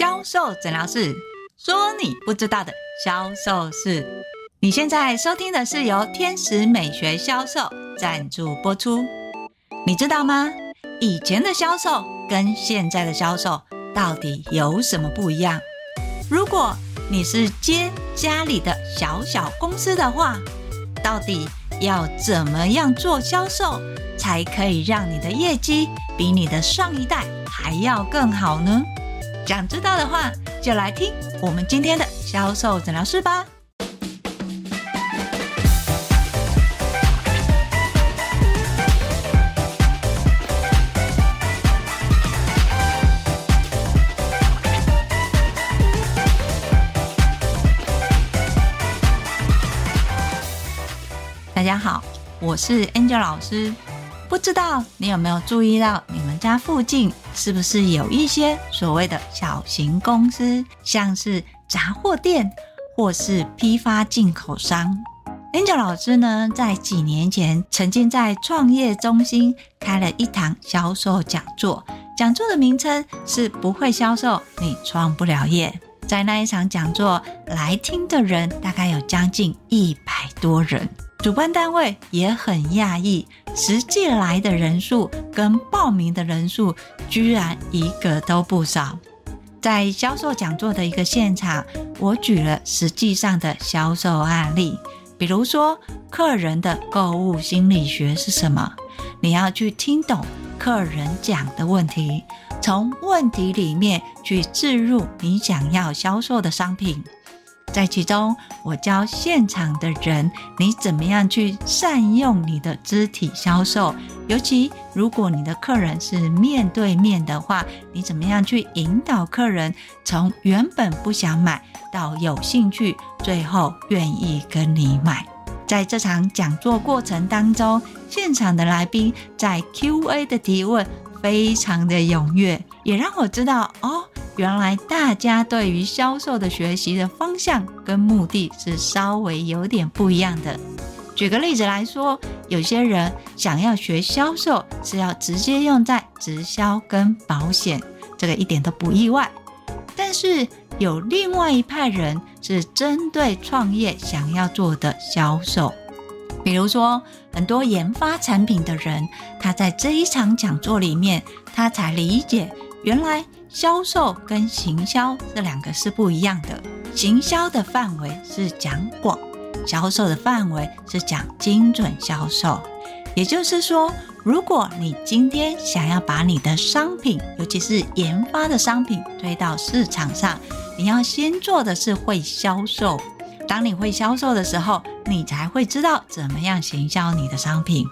銷售診療室說：“你不知道的銷售事。”你現在收聽的是由天使美學銷售贊助播出。你知道嗎？以前的銷售跟現在的銷售到底有什麼不一樣？如果你是接家裡的小小公司的話，到底要怎麼樣做銷售才可以讓你的業績比你的上一代還要更好呢？想知道的話，就來聽我們今天的銷售診療室吧。大家好，我是 Angel 老師。不知道你有沒有注意到你們家附近，是不是有一些所謂的小型公司，像是雜貨店或是批發進口商？Angela 老師呢，在幾年前曾經在創業中心開了一堂銷售講座，講座的名稱是“不會銷售，你創不了業”。在那一場講座來聽的人，大概有將近一百多人。主辦單位也很訝異，實際來的人數跟報名的人數居然一個都不少。在銷售講座的一個現場，我舉了實際上的銷售案例，比如說客人的購物心理學是什麼？你要去聽懂客人講的問題，從問題裡面去置入你想要銷售的商品。在其中，我教現場的人你怎麼樣去善用你的肢體銷售，尤其如果你的客人是面對面的話，你怎麼樣去引導客人從原本不想買到有興趣，最後願意跟你買。在這場講座過程當中，現場的來賓在 Q&A 的提問，非常的踴躍，也讓我知道哦，原來大家對於銷售的學習的方向跟目的是稍微有點不一樣的。舉個例子來說，有些人想要學銷售是要直接用在直銷跟保險，這個一點都不意外。但是有另外一派人是針對創業想要做的銷售。比如說，很多研發產品的人，他在這一場講座裡面，他才理解原來銷售跟行銷這兩個是不一樣的。行銷的範圍是講廣，銷售的範圍是講精準銷售。也就是說，如果你今天想要把你的商品，尤其是研發的商品推到市場上，你要先做的是會銷售。當你會銷售的時候，你才會知道怎麼樣行銷你的商品。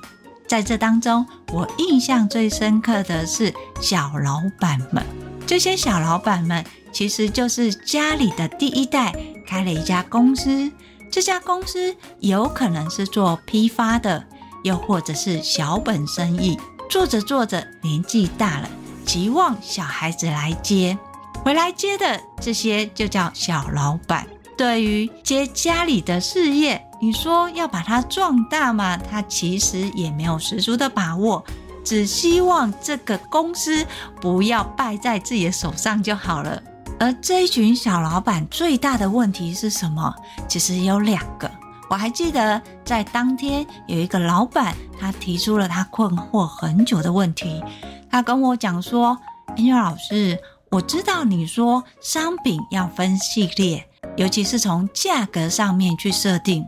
在這當中，我印象最深刻的是小老闆們。這些小老闆們其實就是家裡的第一代開了一家公司，這家公司有可能是做批發的，又或者是小本生意。做着做着，年紀大了，希望小孩子來接，回來接的這些就叫小老闆。對於接家裡的事業，你說要把它壯大嘛，他其實也沒有十足的把握，只希望這個公司不要敗在自己的手上就好了。而這一群小老闆最大的問題是什麼？其實有兩個。我還記得在當天有一個老闆，他提出了他困惑很久的問題，他跟我講說：“Angel 老師，我知道你說商品要分系列。”尤其是從價格上面去設定，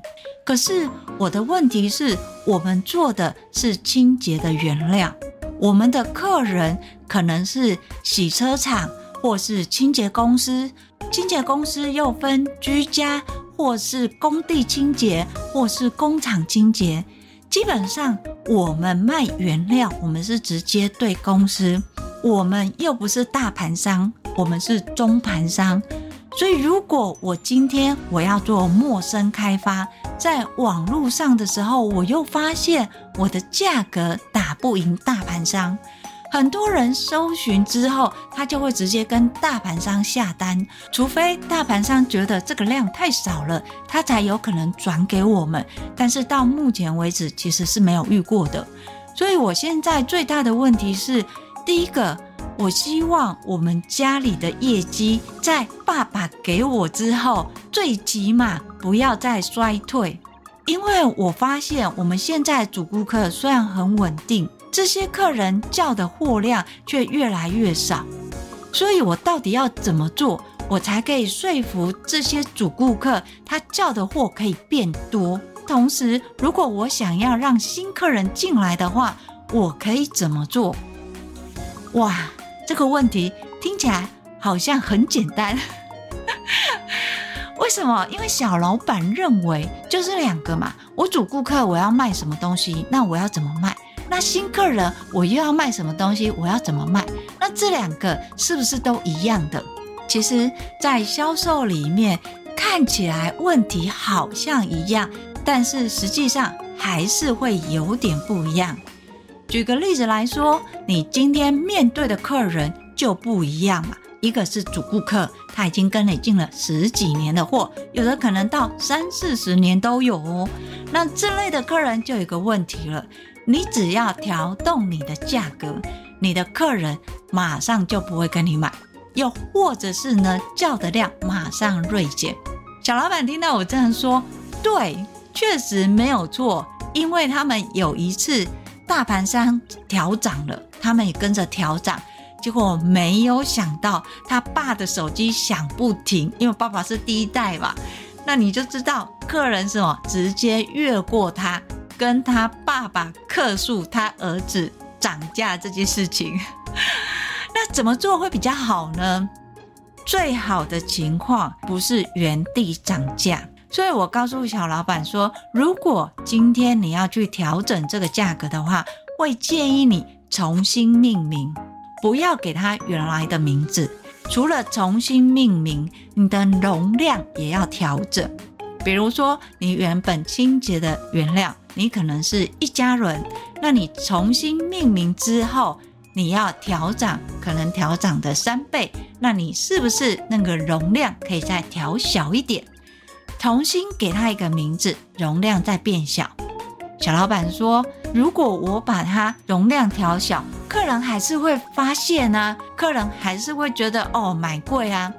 可是我的問題是，我們做的是清潔的原料，我們的客人可能是洗車廠，或是清潔公司，清潔公司又分居家或是工地清潔，或是工廠清潔。基本上，我們賣原料，我們是直接對公司，我們又不是大盤商，我們是中盤商。所以，如果我今天我要做陌生開發，在網絡上的時候，我又發現我的價格打不贏大盤商。很多人搜尋之後，他就會直接跟大盤商下單，除非大盤商覺得這個量太少了，他才有可能轉給我們。但是到目前為止，其實是沒有遇過的。所以我現在最大的問題是，第一個。我希望我們家裡的業績在爸爸給我之後，最起碼不要再衰退。因為我發現我們現在主顧客雖然很穩定，這些客人叫的貨量卻越來越少。所以，我到底要怎麼做，我才可以說服這些主顧客，他叫的貨可以變多？同時，如果我想要讓新客人進來的話，我可以怎麼做？哇！這個問題聽起來好像很簡單， 為什麼？因為小老闆認為就是兩個嘛，我主顧客我要賣什麼東西，那我要怎麼賣？那新客人我又要賣什麼東西，我要怎麼賣？那這兩個是不是都一樣的？其實，在銷售裡面看起來問題好像一樣，但是實際上還是會有點不一樣。舉個例子來說，你今天面對的客人就不一樣了。一個是主顧客，他已經跟你進了十幾年的貨，有的可能到三四十年都有哦。那這類的客人就有一個問題了，你只要調動你的價格，你的客人馬上就不會跟你買，又或者是呢，叫的量馬上銳減。小老闆聽到我這樣說，對，確實沒有錯，因為他們有一次。大盤商調漲了，他們也跟着調漲，結果我沒有想到他爸的手機響不停，因為爸爸是第一代嘛，那你就知道客人是什麼？直接越過他，跟他爸爸客訴他兒子漲價這件事情，那怎麼做會比較好呢？最好的情況不是原地漲價。所以我告訴小老闆說，如果今天你要去調整這個價格的話，會建議你重新命名，不要給它原來的名字。除了重新命名，你的容量也要調整。比如說，你原本清潔的原料，你可能是一加侖，那你重新命名之後，你要調漲，可能調漲的三倍，那你是不是那個容量可以再調小一點？重新給他一個名字，容量在變小。小老板說：“如果我把它容量調小，客人還是會發現呢、啊，客人還是會覺得哦，買貴啊。”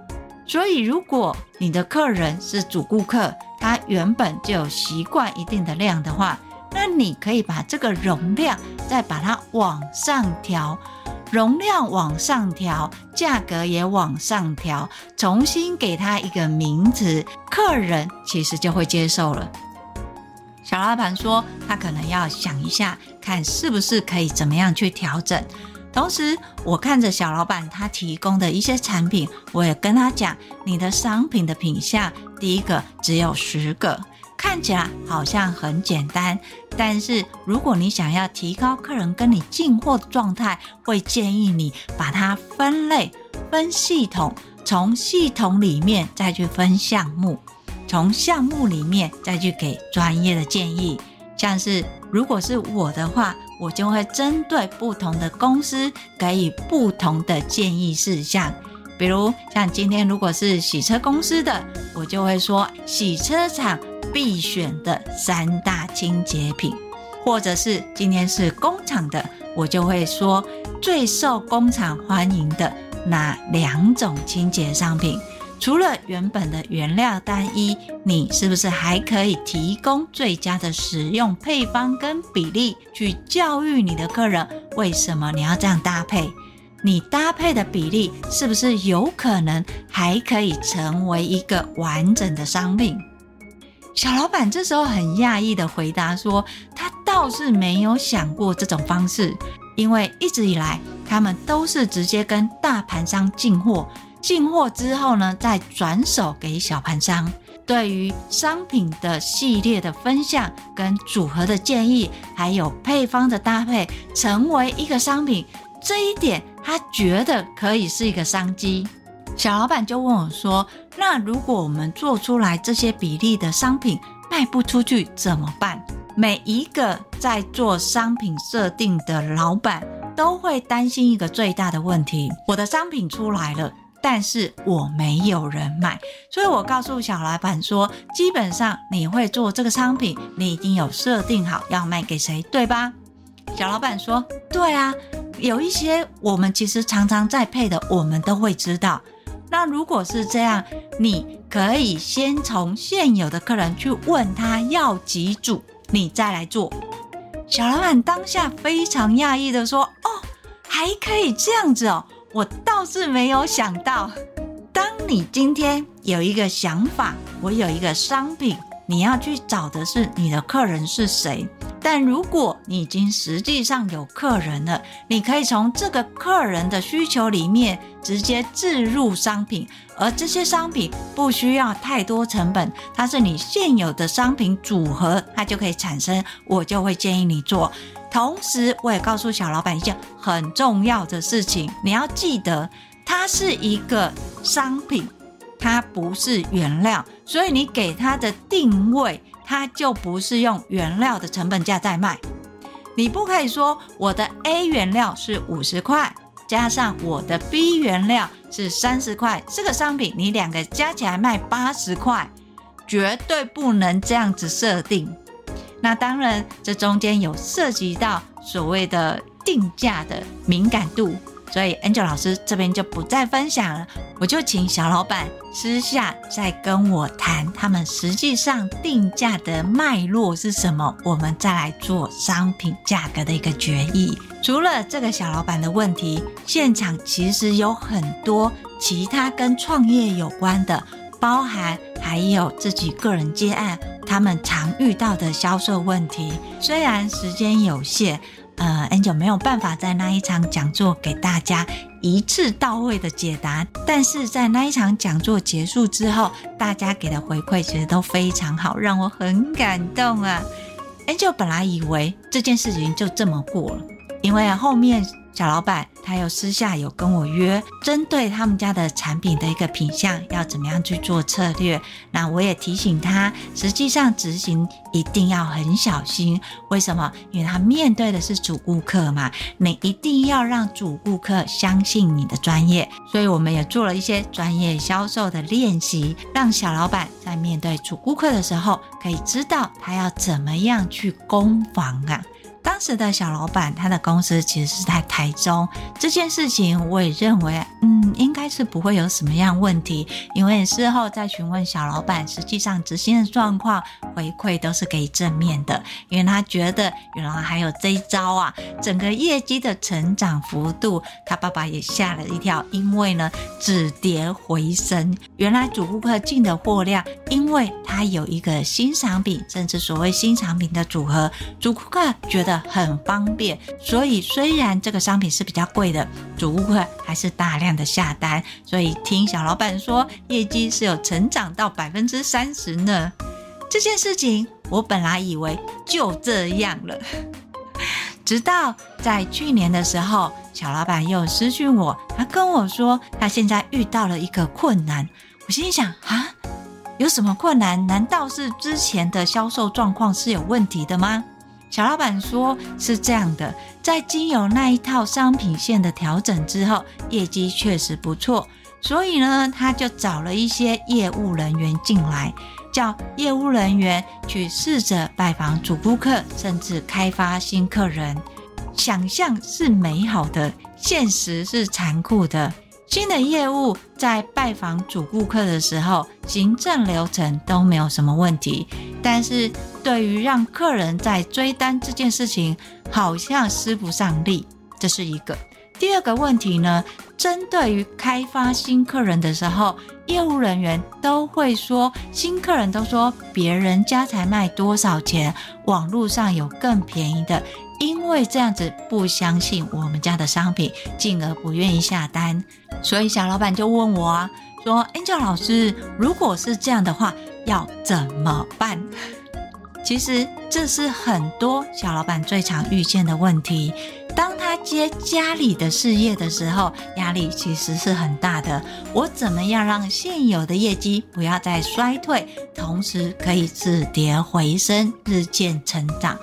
所以，如果你的客人是主顧客，他原本就習慣一定的量的話，那你可以把這個容量再把它往上調。容量往上調，價格也往上調，重新給他一個名詞，客人其實就會接受了。小老闆說，他可能要想一下，看是不是可以怎麼樣去調整。同時，我看着小老闆他提供的一些產品，我也跟他講，你的商品的品項，第一個只有十個。看起來好像很簡單，但是如果你想要提高客人跟你進貨的狀態，會建議你把它分類、分系統，從系統裡面再去分項目，從項目裡面再去給專業的建議。像是如果是我的話，我就會針對不同的公司給予不同的建議事項。比如像今天如果是洗車公司的，我就會說洗車場，必選的三大清潔品，或者是今天是工廠的，我就會說最受工廠歡迎的那兩種清潔商品。除了原本的原料單一，你是不是還可以提供最佳的使用配方跟比例，去教育你的客人？為什麼你要這樣搭配？你搭配的比例是不是有可能還可以成為一個完整的商品？小老闆這時候很訝異的回答說：“他倒是沒有想過這種方式，因為一直以來他們都是直接跟大盤商進貨，進貨之後呢再轉手給小盤商。對於商品的系列的分享跟組合的建議，還有配方的搭配，成為一個商品，這一點他覺得可以是一個商機。”小老闆就問我說：“那如果我們做出來這些比例的商品賣不出去怎麼辦？”每一個在做商品設定的老闆都會擔心一個最大的問題：我的商品出來了，但是我沒有人買。所以我告訴小老闆說：“基本上你會做這個商品，你已經有設定好要賣給誰，對吧？”小老闆說：“對啊，有一些我們其實常常在配的，我們都會知道。”那如果是這樣，你可以先從現有的客人去問他要幾組，你再來做。小老板當下非常訝異的說：“哦，還可以這樣子哦，我倒是沒有想到。”當你今天有一個想法，我有一個商品，你要去找的是你的客人是誰。但如果你已經實際上有客人了，你可以從這個客人的需求裡面直接置入商品，而這些商品不需要太多成本，它是你現有的商品組合，它就可以產生。我就會建議你做。同時，我也告訴小老闆一件很重要的事情，你要記得，它是一個商品，它不是原料，所以你給它的定位，它就不是用原料的成本價在賣，你不可以說，我的 A 原料是五十塊，加上我的 B 原料是三十塊，這個商品你兩個加起來賣八十塊，絕對不能這樣子設定。那當然，這中間有涉及到所謂的定價的敏感度。所以，Angel 老師這邊就不再分享了，我就請小老闆私下再跟我談他們實際上定價的脈絡是什麼，我們再來做商品價格的一個決議。除了這個小老闆的問題，現場其實有很多其他跟創業有關的，包含還有自己個人接案，他們常遇到的銷售問題。雖然時間有限。呃，Angel 沒有辦法在那一場講座給大家一次到位的解答，但是在那一場講座結束之後，大家給的回饋其實都非常好，讓我很感動啊。Angel 本來以為這件事情就這麼過了，因為後面小老闆。他又私下有跟我約，針對他們家的產品的一個品項，要怎麼樣去做策略？那我也提醒他，實際上執行一定要很小心。為什麼？因為他面對的是主顧客嘛，你一定要讓主顧客相信你的專業。所以我們也做了一些專業銷售的練習，讓小老闆在面對主顧客的時候，可以知道他要怎麼樣去攻防啊。當時的小老闆，他的公司其實是在台中。這件事情我也認為，嗯，應該是不會有什麼樣問題。因為事後再詢問小老闆，實際上執行的狀況回饋都是給正面的，因為他覺得原來還有這一招啊！整個業績的成長幅度，他爸爸也嚇了一跳，因為呢，止跌回升，原來主顧客進的貨量，因為他有一個新產品，甚至所謂新產品的組合，主顧客覺得。很方便，所以雖然這個商品是比較貴的，主顧客還是大量的下單，所以聽小老闆說，業績是有成長到百分之三十呢。這件事情我本來以為就這樣了，直到在去年的時候，小老闆又私訊我，他跟我說他現在遇到了一個困難。我心想啊，有什麼困難？難道是之前的銷售狀況是有問題的嗎？小老闆說：“是這樣的，在經由那一套商品線的調整之後，業績確實不錯。所以呢，他就找了一些業務人員進來，叫業務人員去試着拜訪主顧客，甚至開發新客人。想象是美好的，現實是殘酷的。新的業務在拜訪主顧客的時候，行政流程都沒有什麼問題，但是……”對於讓客人在追單這件事情，好像使不上力，這是一個。第二個問題呢，針對於開發新客人的時候，業務人員都會說，新客人都說別人家才賣多少錢，網絡上有更便宜的，因為這樣子不相信我們家的商品，進而不願意下單。所以小老闆就問我啊，說 Angel 老師，如果是這樣的話，要怎麼辦？其實這是很多小老闆最常遇見的問題。當他接家裡的事業的時候，壓力其實是很大的。我怎麼樣讓現有的業績不要再衰退，同時可以止跌回升，日漸成長？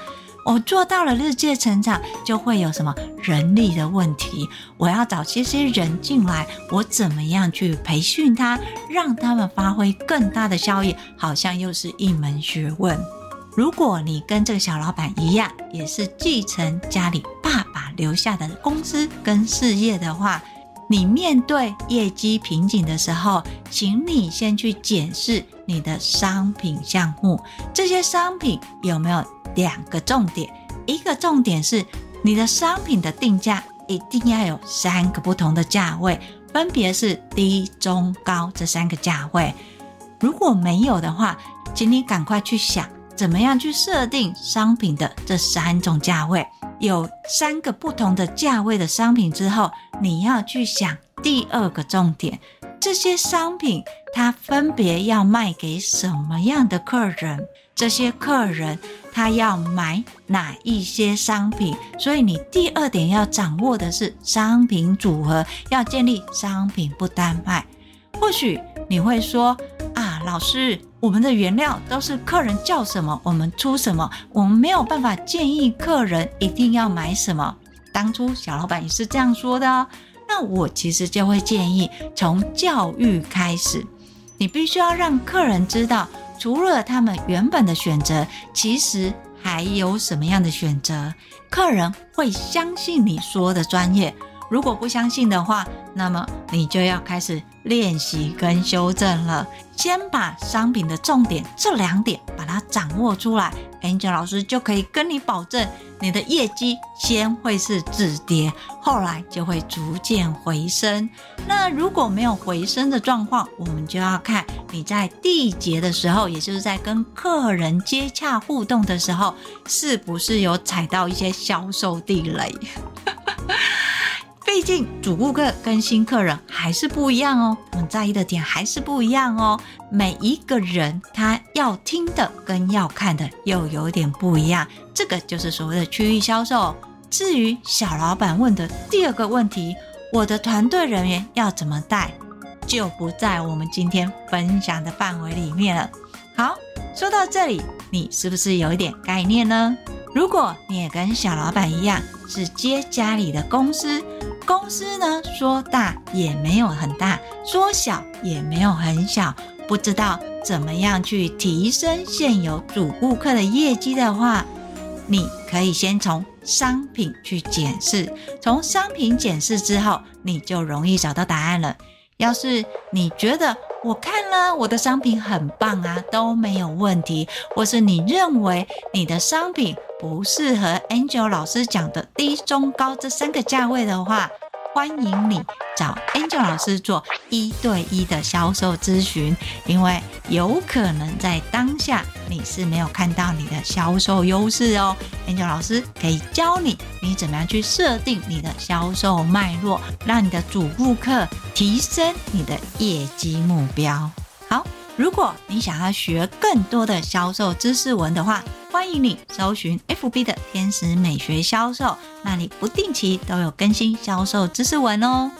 我、哦、做到了日漸成長，就會有什麼人力的問題？我要找這些、些人進來，我怎麼樣去培訓他，讓他們發揮更大的效益？好像又是一門學問。如果你跟這個小老闆一樣，也是繼承家裡爸爸留下的公司跟事業的話，你面對業績瓶頸的時候，請你先去檢視你的商品項目，這些商品有沒有兩個重點？一個重點是你的商品的定價一定要有三個不同的價位，分別是低、中、高這三個價位。如果沒有的話，請你趕快去想。怎麼樣去設定商品的這三種價位？有三個不同的價位的商品之後，你要去想第二個重點：這些商品它分別要賣給什麼樣的客人？這些客人他要買哪一些商品？所以你第二點要掌握的是商品組合，要建立商品不單賣。或許你會說啊，老師。我們的原料都是客人叫什麼，我們出什麼。我們沒有辦法建議客人一定要買什麼。當初小老板也是這樣說的哦。那我其實就會建議從教育開始，你必須要讓客人知道，除了他們原本的選擇，其實還有什麼樣的選擇。客人會相信你說的專業。如果不相信的話，那麼你就要開始練習跟修正了。先把商品的重點這兩點把它掌握出來，Angel 老師就可以跟你保證，你的業績先會是止跌，後來就會逐漸回升。那如果沒有回升的狀況，我們就要看你在締結的時候，也就是在跟客人接洽互動的時候，是不是有踩到一些銷售地雷。 畢竟，主顧客跟新客人還是不一樣哦，我們在意的點還是不一樣哦。每一個人他要聽的跟要看的又有點不一樣，這個就是所謂的區域銷售。至於小老闆問的第二個問題，我的團隊人員要怎麼帶，就不在我們今天分享的範圍裡面了。好，說到這裡，你是不是有一點概念呢？如果你也跟小老闆一樣。是接家裡的公司，公司呢，說大也沒有很大，說小也沒有很小，不知道怎麼樣去提升現有主顧客的業績的話，你可以先從商品去檢視，從商品檢視之後，你就容易找到答案了。要是你覺得，我看呢，我的商品很棒啊，都沒有問題。或是你認為你的商品不適合 Angel 老師講的低、中、高這三個價位的話。歡迎你找 Angel 老師做一對一的銷售諮詢，因為有可能在當下你是沒有看到你的銷售優勢哦。Angel 老師可以教你你怎麼樣去設定你的銷售脈絡，讓你的主顧客提升你的業績目標。好。如果你想要學更多的銷售知識文的話，歡迎你搜尋 FB 的天使美學銷售，那裡不定期都有更新銷售知識文哦。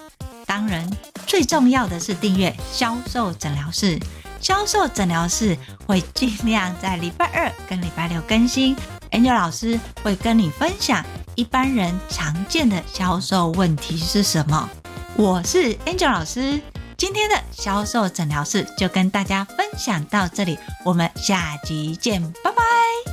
當然，最重要的是訂閱銷售診療室，銷售診療室會盡量在禮拜二跟禮拜六更新。Angel 老師會跟你分享一般人常見的銷售問題是什麼。我是 Angel 老師。今天的銷售診療室就跟大家分享到這裡，我們下集見，拜拜。